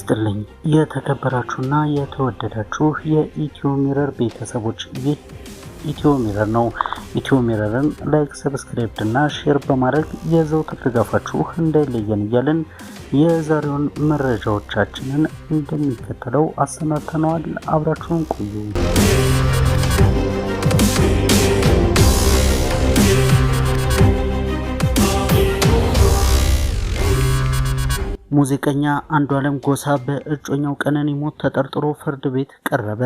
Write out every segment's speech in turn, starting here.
ይስጥልኝ የተከበራችሁና የተወደዳችሁ የኢትዮ ሚረር ቤተሰቦች፣ ይህ ኢትዮ ሚረር ነው። ኢትዮ ሚረርን ላይክ፣ ሰብስክራይብ እና ሼር በማድረግ የዘውትር ድጋፋችሁ እንዳይለየን እያልን የዛሬውን መረጃዎቻችንን እንደሚከተለው አሰናድተነዋል። አብራችሁን ቆዩ። ሙዚቀኛ አንዷለም ጎሳ በእጮኛው ቀነኒ ሞት ተጠርጥሮ ፍርድ ቤት ቀረበ።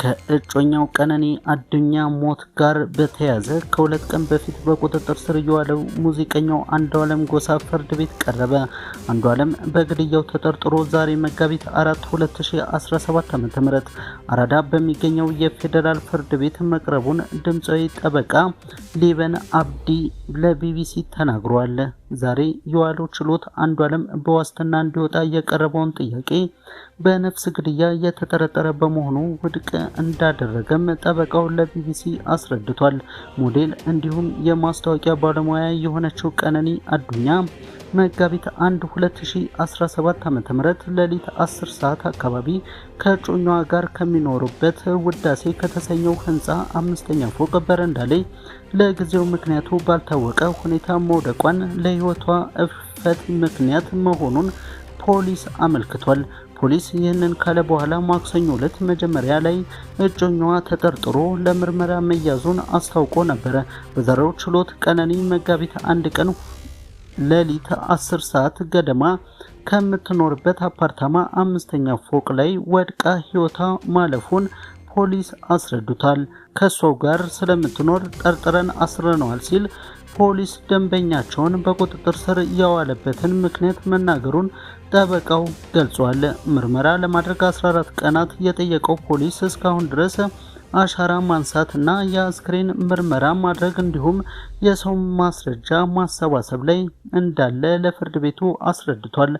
ከእጮኛው ቀነኒ አዱኛ ሞት ጋር በተያያዘ ከሁለት ቀን በፊት በቁጥጥር ስር የዋለው ሙዚቀኛው አንዷለም ጎሳ ፍርድ ቤት ቀረበ። አንዷለም በግድያው ተጠርጥሮ ዛሬ መጋቢት 4 2017 ዓ.ም አራዳ በሚገኘው የፌዴራል ፍርድ ቤት መቅረቡን ድምፃዊ ጠበቃ ሊበን አብዲ ለቢቢሲ ተናግሯል። ዛሬ የዋለው ችሎት አንዷለም በዋስትና እንዲወጣ የቀረበውን ጥያቄ በነፍስ ግድያ የተጠረጠረ በመሆኑ ውድቅ እንዳደረገም ጠበቃው ለቢቢሲ አስረድቷል። ሞዴል እንዲሁም የማስታወቂያ ባለሙያ የሆነችው ቀነኒ አዱኛ መጋቢት 1 2017 ዓ.ም ሌሊት 10 ሰዓት አካባቢ ከእጮኛዋ ጋር ከሚኖሩበት ውዳሴ ከተሰኘው ህንፃ አምስተኛ ፎቅ በረንዳ ላይ ለጊዜው ምክንያቱ ባልታወቀ ሁኔታ መውደቋን ለህይወቷ እፈት ምክንያት መሆኑን ፖሊስ አመልክቷል። ፖሊስ ይህንን ካለ በኋላ ማክሰኞ ዕለት መጀመሪያ ላይ እጮኛዋ ተጠርጥሮ ለምርመራ መያዙን አስታውቆ ነበረ። በዛሬው ችሎት ቀነኒ መጋቢት አንድ ቀን ሌሊት 10 ሰዓት ገደማ ከምትኖርበት አፓርታማ አምስተኛ ፎቅ ላይ ወድቃ ህይወቷ ማለፉን ፖሊስ አስረዱታል። ከሷው ጋር ስለምትኖር ጠርጥረን አስረነዋል ሲል ፖሊስ ደንበኛቸውን በቁጥጥር ስር እያዋለበትን ምክንያት መናገሩን ጠበቃው ገልጿል። ምርመራ ለማድረግ 14 ቀናት የጠየቀው ፖሊስ እስካሁን ድረስ አሻራ ማንሳት እና የአስክሬን ምርመራ ማድረግ እንዲሁም የሰው ማስረጃ ማሰባሰብ ላይ እንዳለ ለፍርድ ቤቱ አስረድቷል።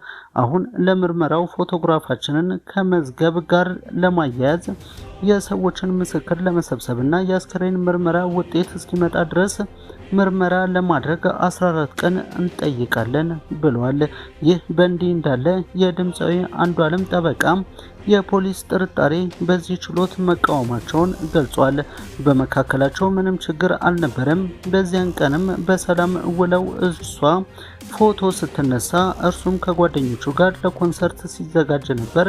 አሁን ለምርመራው ፎቶግራፋችንን ከመዝገብ ጋር ለማያያዝ የሰዎችን ምስክር ለመሰብሰብ እና የአስክሬን ምርመራ ውጤት እስኪመጣ ድረስ ምርመራ ለማድረግ 14 ቀን እንጠይቃለን ብሏል። ይህ በእንዲህ እንዳለ የድምፃዊ አንዷለም ጠበቃ የፖሊስ ጥርጣሬ በዚህ ችሎት መቃወማቸውን ገልጿል። በመካከላቸው ምንም ችግር አልነበረም፣ በዚያን ቀንም በሰላም ውለው እሷ ፎቶ ስትነሳ እርሱም ከጓደኞቹ ጋር ለኮንሰርት ሲዘጋጅ ነበር።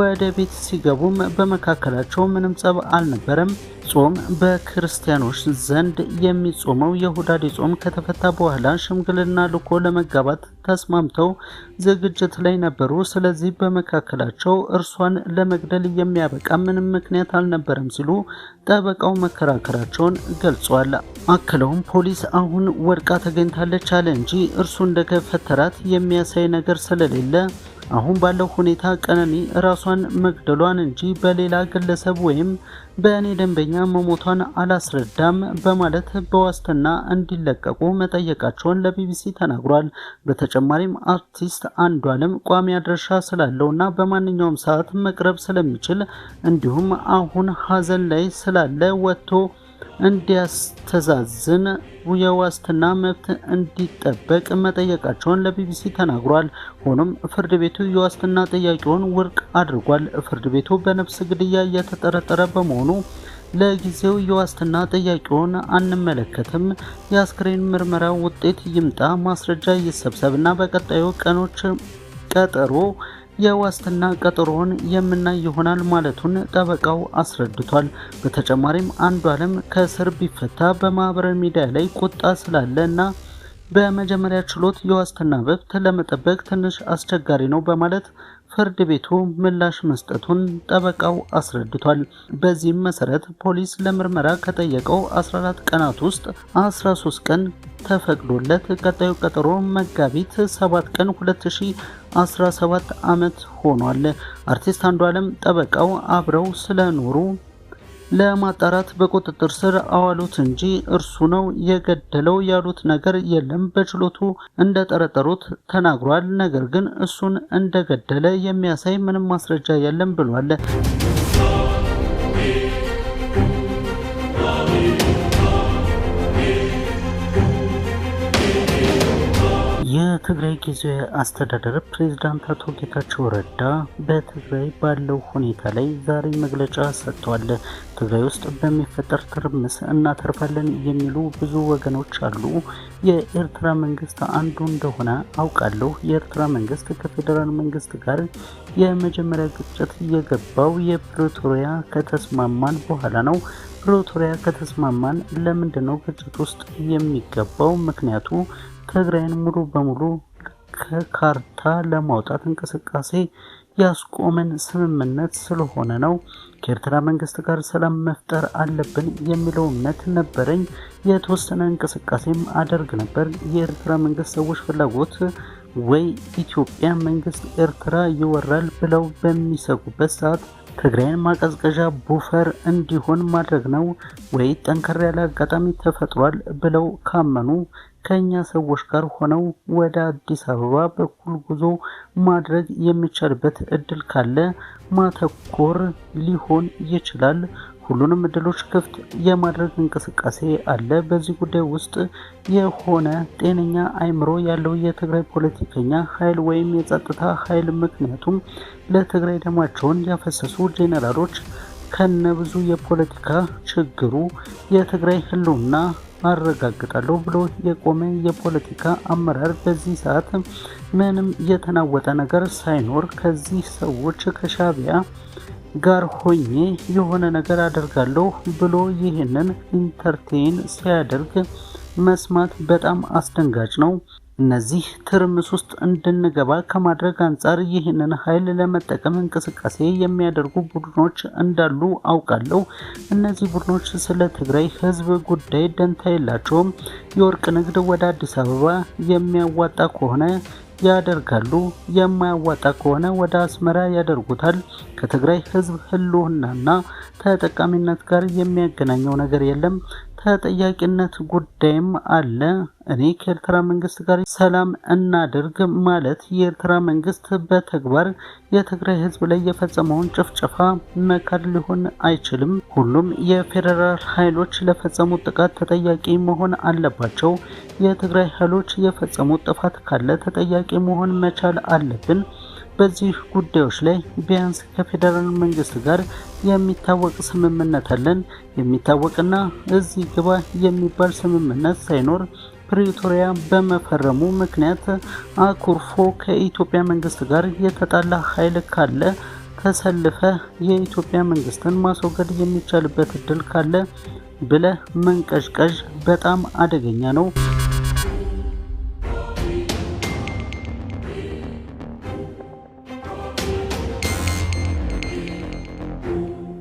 ወደ ቤት ሲገቡም በመካከላቸው ምንም ጸብ አልነበረም ጾም በክርስቲያኖች ዘንድ የሚጾመው የሁዳዴ ጾም ከተፈታ በኋላ ሽምግልና ልኮ ለመጋባት ተስማምተው ዝግጅት ላይ ነበሩ። ስለዚህ በመካከላቸው እርሷን ለመግደል የሚያበቃ ምንም ምክንያት አልነበረም ሲሉ ጠበቃው መከራከራቸውን ገልጿል። አክለውም ፖሊስ አሁን ወድቃ ተገኝታለች አለ እንጂ እርሱ እንደገፈተራት የሚያሳይ ነገር ስለሌለ አሁን ባለው ሁኔታ ቀነኒ ራሷን መግደሏን እንጂ በሌላ ግለሰብ ወይም በእኔ ደንበኛ መሞቷን አላስረዳም በማለት በዋስትና እንዲለቀቁ መጠየቃቸውን ለቢቢሲ ተናግሯል። በተጨማሪም አርቲስት አንዷለም ቋሚ ስላለው ስላለውና በማንኛውም ሰዓት መቅረብ ስለሚችል እንዲሁም አሁን ሀዘን ላይ ስላለ ወጥቶ እንዲያስተዛዝን የዋስትና መብት እንዲጠበቅ መጠየቃቸውን ለቢቢሲ ተናግሯል። ሆኖም ፍርድ ቤቱ የዋስትና ጥያቄውን ውድቅ አድርጓል። ፍርድ ቤቱ በነፍስ ግድያ እየተጠረጠረ በመሆኑ ለጊዜው የዋስትና ጥያቄውን አንመለከትም፣ የአስክሬን ምርመራ ውጤት ይምጣ፣ ማስረጃ ይሰብሰብና በቀጣዩ ቀኖች ቀጠሮ የዋስትና ቀጠሮውን የምናይ ይሆናል ማለቱን ጠበቃው አስረድቷል። በተጨማሪም አንዱ አለም ከእስር ቢፈታ በማህበራዊ ሚዲያ ላይ ቁጣ ስላለ እና በመጀመሪያ ችሎት የዋስትና መብት ለመጠበቅ ትንሽ አስቸጋሪ ነው በማለት ፍርድ ቤቱ ምላሽ መስጠቱን ጠበቃው አስረድቷል። በዚህም መሰረት ፖሊስ ለምርመራ ከጠየቀው 14 ቀናት ውስጥ 13 ቀን ተፈቅዶለት ቀጣዩ ቀጠሮ መጋቢት 7 ቀን 2000 17 ዓመት ሆኗል። አርቲስት አንዷለም ጠበቃው አብረው ስለኖሩ ለማጣራት በቁጥጥር ስር አዋሉት እንጂ እርሱ ነው የገደለው ያሉት ነገር የለም። በችሎቱ እንደጠረጠሩት ተናግሯል። ነገር ግን እሱን እንደገደለ የሚያሳይ ምንም ማስረጃ የለም ብሏል። የትግራይ ጊዜያዊ አስተዳደር ፕሬዝዳንት አቶ ጌታቸው ረዳ በትግራይ ባለው ሁኔታ ላይ ዛሬ መግለጫ ሰጥተዋል። ትግራይ ውስጥ በሚፈጠር ትርምስ እናተርፋለን የሚሉ ብዙ ወገኖች አሉ። የኤርትራ መንግስት አንዱ እንደሆነ አውቃለሁ። የኤርትራ መንግስት ከፌዴራል መንግስት ጋር የመጀመሪያ ግጭት የገባው የፕሪቶሪያ ከተስማማን በኋላ ነው። ፕሪቶሪያ ከተስማማን ለምንድነው ግጭት ውስጥ የሚገባው? ምክንያቱ ትግራይን ሙሉ በሙሉ ከካርታ ለማውጣት እንቅስቃሴ ያስቆመን ስምምነት ስለሆነ ነው። ከኤርትራ መንግስት ጋር ሰላም መፍጠር አለብን የሚለው እምነት ነበረኝ። የተወሰነ እንቅስቃሴም አደርግ ነበር። የኤርትራ መንግስት ሰዎች ፍላጎት ወይ ኢትዮጵያ መንግስት ኤርትራ ይወራል ብለው በሚሰጉበት ሰዓት ትግራይን ማቀዝቀዣ ቡፈር እንዲሆን ማድረግ ነው ወይ ጠንከር ያለ አጋጣሚ ተፈጥሯል ብለው ካመኑ ከእኛ ሰዎች ጋር ሆነው ወደ አዲስ አበባ በኩል ጉዞ ማድረግ የሚቻልበት እድል ካለ ማተኮር ሊሆን ይችላል። ሁሉንም እድሎች ክፍት የማድረግ እንቅስቃሴ አለ። በዚህ ጉዳይ ውስጥ የሆነ ጤነኛ አእምሮ ያለው የትግራይ ፖለቲከኛ ኃይል ወይም የጸጥታ ኃይል ምክንያቱም ለትግራይ ደማቸውን ያፈሰሱ ጄኔራሎች ከነ ብዙ የፖለቲካ ችግሩ የትግራይ ህልውና አረጋግጣለሁ ብሎ የቆመ የፖለቲካ አመራር በዚህ ሰዓት ምንም የተናወጠ ነገር ሳይኖር ከዚህ ሰዎች ከሻቢያ ጋር ሆኜ የሆነ ነገር አደርጋለሁ ብሎ ይህንን ኢንተርቴን ሲያደርግ መስማት በጣም አስደንጋጭ ነው። እነዚህ ትርምስ ውስጥ እንድንገባ ከማድረግ አንጻር ይህንን ኃይል ለመጠቀም እንቅስቃሴ የሚያደርጉ ቡድኖች እንዳሉ አውቃለሁ። እነዚህ ቡድኖች ስለ ትግራይ ሕዝብ ጉዳይ ደንታ የላቸውም። የወርቅ ንግድ ወደ አዲስ አበባ የሚያዋጣ ከሆነ ያደርጋሉ፣ የማያዋጣ ከሆነ ወደ አስመራ ያደርጉታል። ከትግራይ ሕዝብ ህልውናና ተጠቃሚነት ጋር የሚያገናኘው ነገር የለም። ተጠያቂነት ጉዳይም አለ። እኔ ከኤርትራ መንግስት ጋር ሰላም እናድርግ ማለት የኤርትራ መንግስት በተግባር የትግራይ ህዝብ ላይ የፈጸመውን ጭፍጨፋ መካድ ሊሆን አይችልም። ሁሉም የፌዴራል ኃይሎች ለፈጸሙት ጥቃት ተጠያቂ መሆን አለባቸው። የትግራይ ኃይሎች የፈጸሙት ጥፋት ካለ ተጠያቂ መሆን መቻል አለብን። በዚህ ጉዳዮች ላይ ቢያንስ ከፌዴራል መንግስት ጋር የሚታወቅ ስምምነት አለን። የሚታወቅና እዚህ ግባ የሚባል ስምምነት ሳይኖር ፕሪቶሪያ በመፈረሙ ምክንያት አኩርፎ ከኢትዮጵያ መንግስት ጋር የተጣላ ኃይል ካለ ተሰልፈ የኢትዮጵያ መንግስትን ማስወገድ የሚቻልበት እድል ካለ ብለ መንቀዥቀዥ በጣም አደገኛ ነው።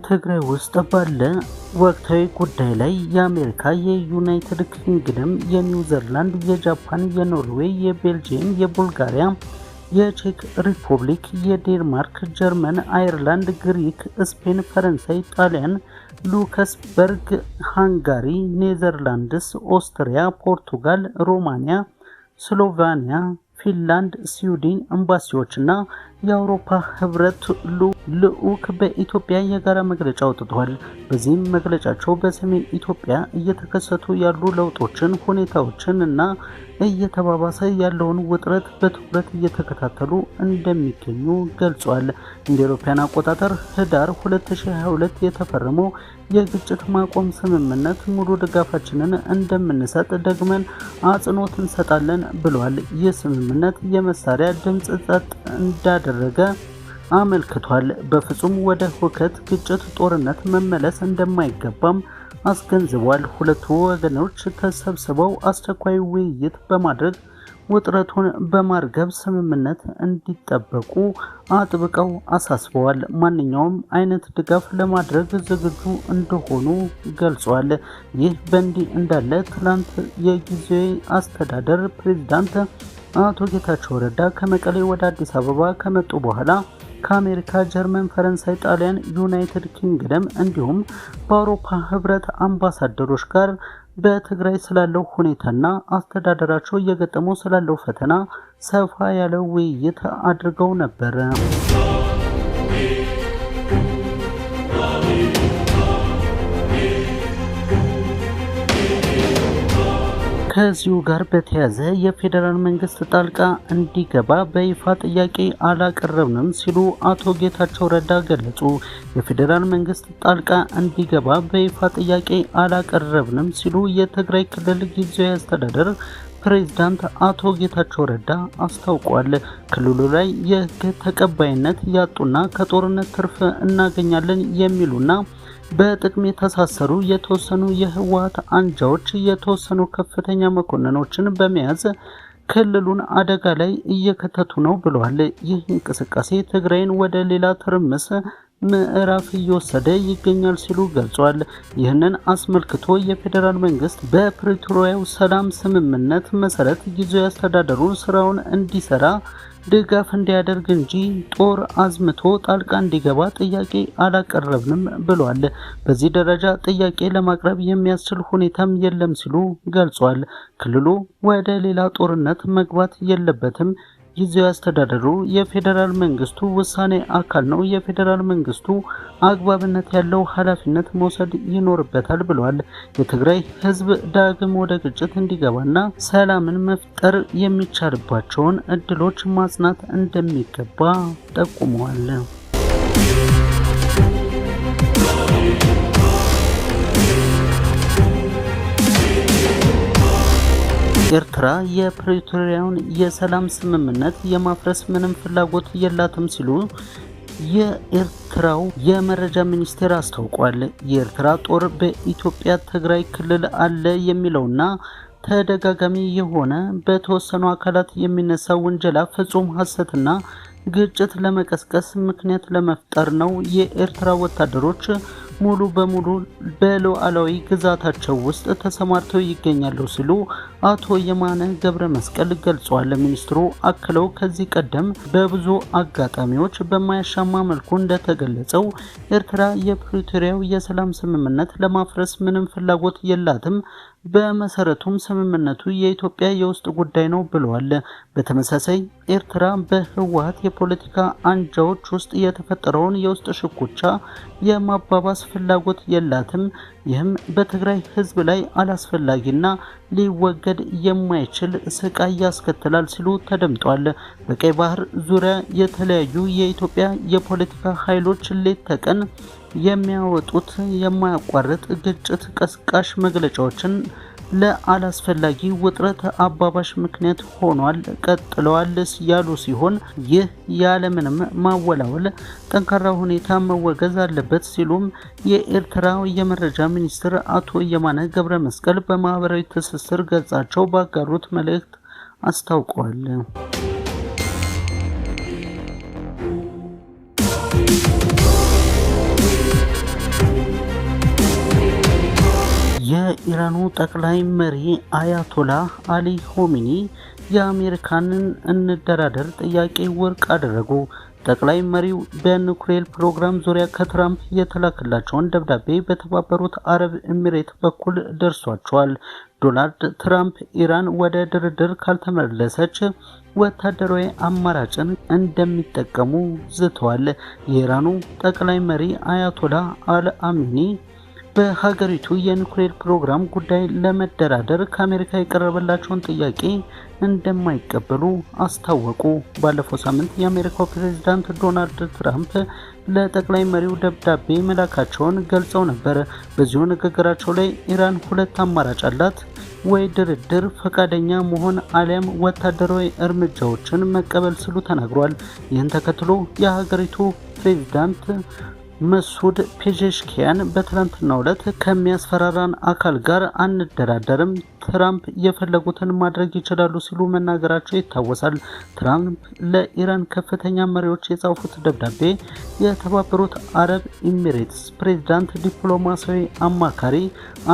ትግራይ ውስጥ ባለ ወቅታዊ ጉዳይ ላይ የአሜሪካ፣ የዩናይትድ ኪንግደም፣ የኒውዚላንድ፣ የጃፓን፣ የኖርዌይ፣ የቤልጅየም፣ የቡልጋሪያ፣ የቼክ ሪፑብሊክ፣ የዴንማርክ፣ ጀርመን፣ አይርላንድ ግሪክ፣ ስፔን፣ ፈረንሳይ፣ ጣሊያን፣ ሉከስበርግ፣ ሃንጋሪ፣ ኔዘርላንድስ፣ ኦስትሪያ፣ ፖርቱጋል፣ ሮማንያ፣ ስሎቫኒያ፣ ፊንላንድ፣ ስዊድን ኤምባሲዎችና የአውሮፓ ህብረት ልዑክ በኢትዮጵያ የጋራ መግለጫ አውጥቷል። በዚህም መግለጫቸው በሰሜን ኢትዮጵያ እየተከሰቱ ያሉ ለውጦችን፣ ሁኔታዎችን እና እየተባባሰ ያለውን ውጥረት በትኩረት እየተከታተሉ እንደሚገኙ ገልጿል። እንደ አውሮፓውያን አቆጣጠር ህዳር 2022 የተፈረመው የግጭት ማቆም ስምምነት ሙሉ ድጋፋችንን እንደምንሰጥ ደግመን አጽንኦት እንሰጣለን ብሏል። ይህ ስምምነት የመሳሪያ ድምፅ ጸጥ እንዳደረ እንዳደረገ አመልክቷል። በፍጹም ወደ ሁከት፣ ግጭት፣ ጦርነት መመለስ እንደማይገባም አስገንዝቧል። ሁለቱ ወገኖች ተሰብስበው አስቸኳይ ውይይት በማድረግ ውጥረቱን በማርገብ ስምምነት እንዲጠበቁ አጥብቀው አሳስበዋል። ማንኛውም አይነት ድጋፍ ለማድረግ ዝግጁ እንደሆኑ ገልጿል። ይህ በእንዲህ እንዳለ ትላንት የጊዜያዊ አስተዳደር ፕሬዝዳንት አቶ ጌታቸው ረዳ ከመቀሌ ወደ አዲስ አበባ ከመጡ በኋላ ከአሜሪካ፣ ጀርመን፣ ፈረንሳይ፣ ጣሊያን፣ ዩናይትድ ኪንግደም እንዲሁም በአውሮፓ ህብረት አምባሳደሮች ጋር በትግራይ ስላለው ሁኔታና አስተዳደራቸው እየገጠሙ ስላለው ፈተና ሰፋ ያለ ውይይት አድርገው ነበር። ከዚሁ ጋር በተያያዘ የፌዴራል መንግስት ጣልቃ እንዲገባ በይፋ ጥያቄ አላቀረብንም ሲሉ አቶ ጌታቸው ረዳ ገለጹ። የፌዴራል መንግስት ጣልቃ እንዲገባ በይፋ ጥያቄ አላቀረብንም ሲሉ የትግራይ ክልል ጊዜያዊ አስተዳደር ፕሬዚዳንት አቶ ጌታቸው ረዳ አስታውቋል። ክልሉ ላይ የህግ ተቀባይነት ያጡና ከጦርነት ትርፍ እናገኛለን የሚሉና በጥቅም የተሳሰሩ የተወሰኑ የህወሀት አንጃዎች የተወሰኑ ከፍተኛ መኮንኖችን በመያዝ ክልሉን አደጋ ላይ እየከተቱ ነው ብለዋል። ይህ እንቅስቃሴ ትግራይን ወደ ሌላ ትርምስ ምዕራፍ እየወሰደ ይገኛል ሲሉ ገልጿል። ይህንን አስመልክቶ የፌዴራል መንግስት በፕሪቶሪያው ሰላም ስምምነት መሰረት ጊዜያዊ አስተዳደሩን ስራውን እንዲሰራ ድጋፍ እንዲያደርግ እንጂ ጦር አዝምቶ ጣልቃ እንዲገባ ጥያቄ አላቀረብንም ብሏል። በዚህ ደረጃ ጥያቄ ለማቅረብ የሚያስችል ሁኔታም የለም ሲሉ ገልጿል። ክልሉ ወደ ሌላ ጦርነት መግባት የለበትም ይዘው ያስተዳደሩ የፌዴራል መንግስቱ ውሳኔ አካል ነው። የፌዴራል መንግስቱ አግባብነት ያለው ኃላፊነት መውሰድ ይኖርበታል ብለዋል። የትግራይ ህዝብ ዳግም ወደ ግጭት እንዲገባና ሰላምን መፍጠር የሚቻልባቸውን እድሎች ማጽናት እንደሚገባ ጠቁመዋል። ኤርትራ የፕሪቶሪያውን የሰላም ስምምነት የማፍረስ ምንም ፍላጎት የላትም ሲሉ የኤርትራው የመረጃ ሚኒስቴር አስታውቋል። የኤርትራ ጦር በኢትዮጵያ ትግራይ ክልል አለ የሚለውና ተደጋጋሚ የሆነ በተወሰኑ አካላት የሚነሳ ውንጀላ ፍጹም ሐሰትና ግጭት ለመቀስቀስ ምክንያት ለመፍጠር ነው የኤርትራ ወታደሮች ሙሉ በሙሉ በሉዓላዊ ግዛታቸው ውስጥ ተሰማርተው ይገኛሉ ሲሉ አቶ የማነ ገብረ መስቀል ገልጿል። ሚኒስትሩ አክለው ከዚህ ቀደም በብዙ አጋጣሚዎች በማያሻማ መልኩ እንደተገለጸው ኤርትራ የፕሪቶሪያው የሰላም ስምምነት ለማፍረስ ምንም ፍላጎት የላትም፣ በመሰረቱም ስምምነቱ የኢትዮጵያ የውስጥ ጉዳይ ነው ብለዋል። በተመሳሳይ ኤርትራ በህወሀት የፖለቲካ አንጃዎች ውስጥ የተፈጠረውን የውስጥ ሽኩቻ የማባባስ ፍላጎት የላትም፣ ይህም በትግራይ ህዝብ ላይ አላስፈላጊና ሊወገድ የማይችል ስቃይ ያስከትላል ሲሉ ተደምጧል። በቀይ ባህር ዙሪያ የተለያዩ የኢትዮጵያ የፖለቲካ ኃይሎች ሌት ተቀን የሚያወጡት የማያቋርጥ ግጭት ቀስቃሽ መግለጫዎችን ለአላስፈላጊ ውጥረት አባባሽ ምክንያት ሆኗል ቀጥለዋል ያሉ ሲሆን ይህ ያለምንም ማወላወል ጠንካራ ሁኔታ መወገዝ አለበት ሲሉም የኤርትራ የመረጃ ሚኒስትር አቶ የማነ ገብረ መስቀል በማህበራዊ ትስስር ገጻቸው ባጋሩት መልእክት አስታውቀዋል። የኢራኑ ጠቅላይ መሪ አያቶላህ አሊ ሆሚኒ የአሜሪካንን እንደራደር ጥያቄ ወርቅ አደረጉ። ጠቅላይ መሪው በኑክሌር ፕሮግራም ዙሪያ ከትራምፕ የተላከላቸውን ደብዳቤ በተባበሩት አረብ ኤሚሬት በኩል ደርሷቸዋል። ዶናልድ ትራምፕ ኢራን ወደ ድርድር ካልተመለሰች ወታደራዊ አማራጭን እንደሚጠቀሙ ዝተዋል። የኢራኑ ጠቅላይ መሪ አያቶላ አል አሚኒ በሀገሪቱ የኒውክሌር ፕሮግራም ጉዳይ ለመደራደር ከአሜሪካ የቀረበላቸውን ጥያቄ እንደማይቀበሉ አስታወቁ። ባለፈው ሳምንት የአሜሪካው ፕሬዝዳንት ዶናልድ ትራምፕ ለጠቅላይ መሪው ደብዳቤ መላካቸውን ገልጸው ነበር። በዚሁ ንግግራቸው ላይ ኢራን ሁለት አማራጭ አላት፣ ወይ ድርድር ፈቃደኛ መሆን አሊያም ወታደራዊ እርምጃዎችን መቀበል ሲሉ ተናግሯል። ይህን ተከትሎ የሀገሪቱ ፕሬዝዳንት መሱድ ፔዜሽኪያን በትላንትናው ዕለት ከሚያስፈራራን አካል ጋር አንደራደርም፣ ትራምፕ የፈለጉትን ማድረግ ይችላሉ ሲሉ መናገራቸው ይታወሳል። ትራምፕ ለኢራን ከፍተኛ መሪዎች የጻፉት ደብዳቤ የተባበሩት አረብ ኤሚሬትስ ፕሬዝዳንት ዲፕሎማሲያዊ አማካሪ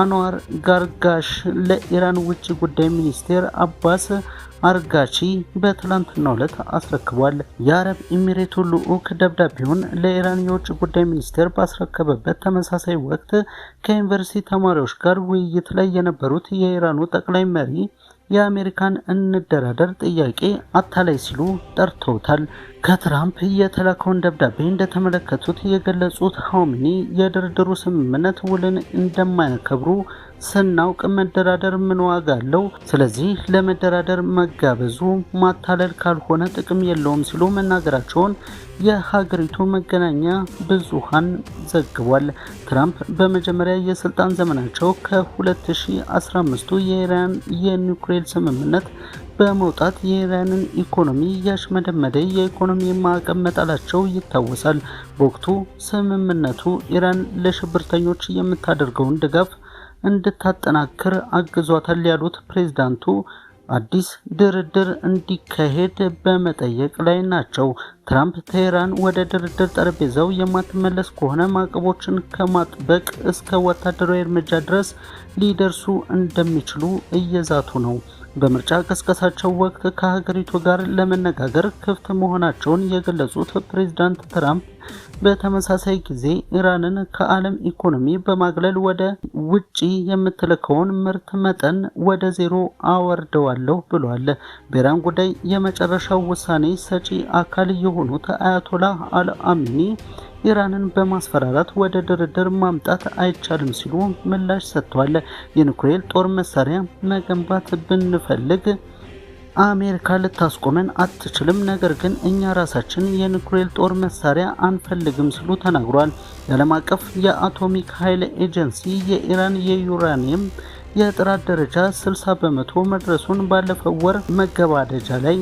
አንዋር ጋርጋሽ ለኢራን ውጭ ጉዳይ ሚኒስቴር አባስ አርጋቺ በትላንትናው ዕለት አስረክቧል። የአረብ ኤሚሬቱ ልዑክ ደብዳቤውን ለኢራን የውጭ ጉዳይ ሚኒስቴር ባስረከበበት ተመሳሳይ ወቅት ከዩኒቨርሲቲ ተማሪዎች ጋር ውይይት ላይ የነበሩት የኢራኑ ጠቅላይ መሪ የአሜሪካን እንደራደር ጥያቄ አታላይ ሲሉ ጠርተውታል። ከትራምፕ የተላከውን ደብዳቤ እንደተመለከቱት የገለጹት ሀሚኒ የድርድሩ ስምምነት ውልን እንደማያከብሩ ስናውቅ መደራደር ምን ዋጋ አለው? ስለዚህ ለመደራደር መጋበዙ ማታለል ካልሆነ ጥቅም የለውም ሲሉ መናገራቸውን የሀገሪቱ መገናኛ ብዙሃን ዘግቧል። ትራምፕ በመጀመሪያ የስልጣን ዘመናቸው ከ2015 የኢራን የኒውክሌር ስምምነት በመውጣት የኢራንን ኢኮኖሚ ያሽመደመደ የኢኮኖሚ ማዕቀብ መጣላቸው ይታወሳል። በወቅቱ ስምምነቱ ኢራን ለሽብርተኞች የምታደርገውን ድጋፍ እንድታጠናክር አግዟታል ያሉት ፕሬዝዳንቱ አዲስ ድርድር እንዲካሄድ በመጠየቅ ላይ ናቸው። ትራምፕ ቴህራን ወደ ድርድር ጠረጴዛው የማትመለስ ከሆነ ማዕቀቦችን ከማጥበቅ እስከ ወታደራዊ እርምጃ ድረስ ሊደርሱ እንደሚችሉ እየዛቱ ነው። በምርጫ ቀስቀሳቸው ወቅት ከሀገሪቱ ጋር ለመነጋገር ክፍት መሆናቸውን የገለጹት ፕሬዚዳንት ትራምፕ በተመሳሳይ ጊዜ ኢራንን ከዓለም ኢኮኖሚ በማግለል ወደ ውጪ የምትልከውን ምርት መጠን ወደ ዜሮ አወርደዋለሁ ብሏል። በኢራን ጉዳይ የመጨረሻው ውሳኔ ሰጪ አካል የሆ የሆኑት አያቶላህ አልአሚኒ ኢራንን በማስፈራራት ወደ ድርድር ማምጣት አይቻልም ሲሉ ምላሽ ሰጥተዋል። የኒውክሌር ጦር መሳሪያ መገንባት ብንፈልግ አሜሪካ ልታስቆመን አትችልም፣ ነገር ግን እኛ ራሳችን የኒውክሌር ጦር መሳሪያ አንፈልግም ሲሉ ተናግሯል። የዓለም አቀፍ የአቶሚክ ኃይል ኤጀንሲ የኢራን የዩራኒየም የጥራት ደረጃ 60 በመቶ መድረሱን ባለፈው ወር መገባደጃ ላይ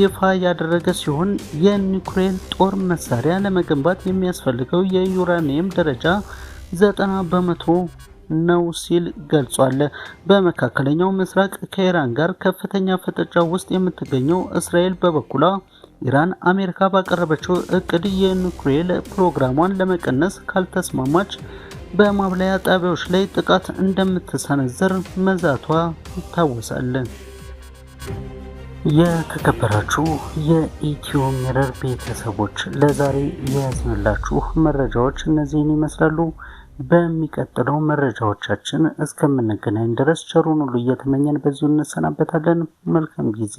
ይፋ ያደረገ ሲሆን የዩክሬን ጦር መሳሪያ ለመገንባት የሚያስፈልገው የዩራኒየም ደረጃ 90 በመቶ ነው ሲል ገልጿል። በመካከለኛው ምስራቅ ከኢራን ጋር ከፍተኛ ፍጥጫ ውስጥ የምትገኘው እስራኤል በበኩሏ ኢራን አሜሪካ ባቀረበችው እቅድ የኒውክሌር ፕሮግራሟን ለመቀነስ ካልተስማማች በማብለያ ጣቢያዎች ላይ ጥቃት እንደምትሰነዝር መዛቷ ይታወሳል። የተከበራችሁ የኢትዮ ሚረር ቤተሰቦች ለዛሬ የያዝንላችሁ መረጃዎች እነዚህን ይመስላሉ። በሚቀጥለው መረጃዎቻችን እስከምንገናኝ ድረስ ቸሩን ሁሉ እየተመኘን በዚሁ እንሰናበታለን። መልካም ጊዜ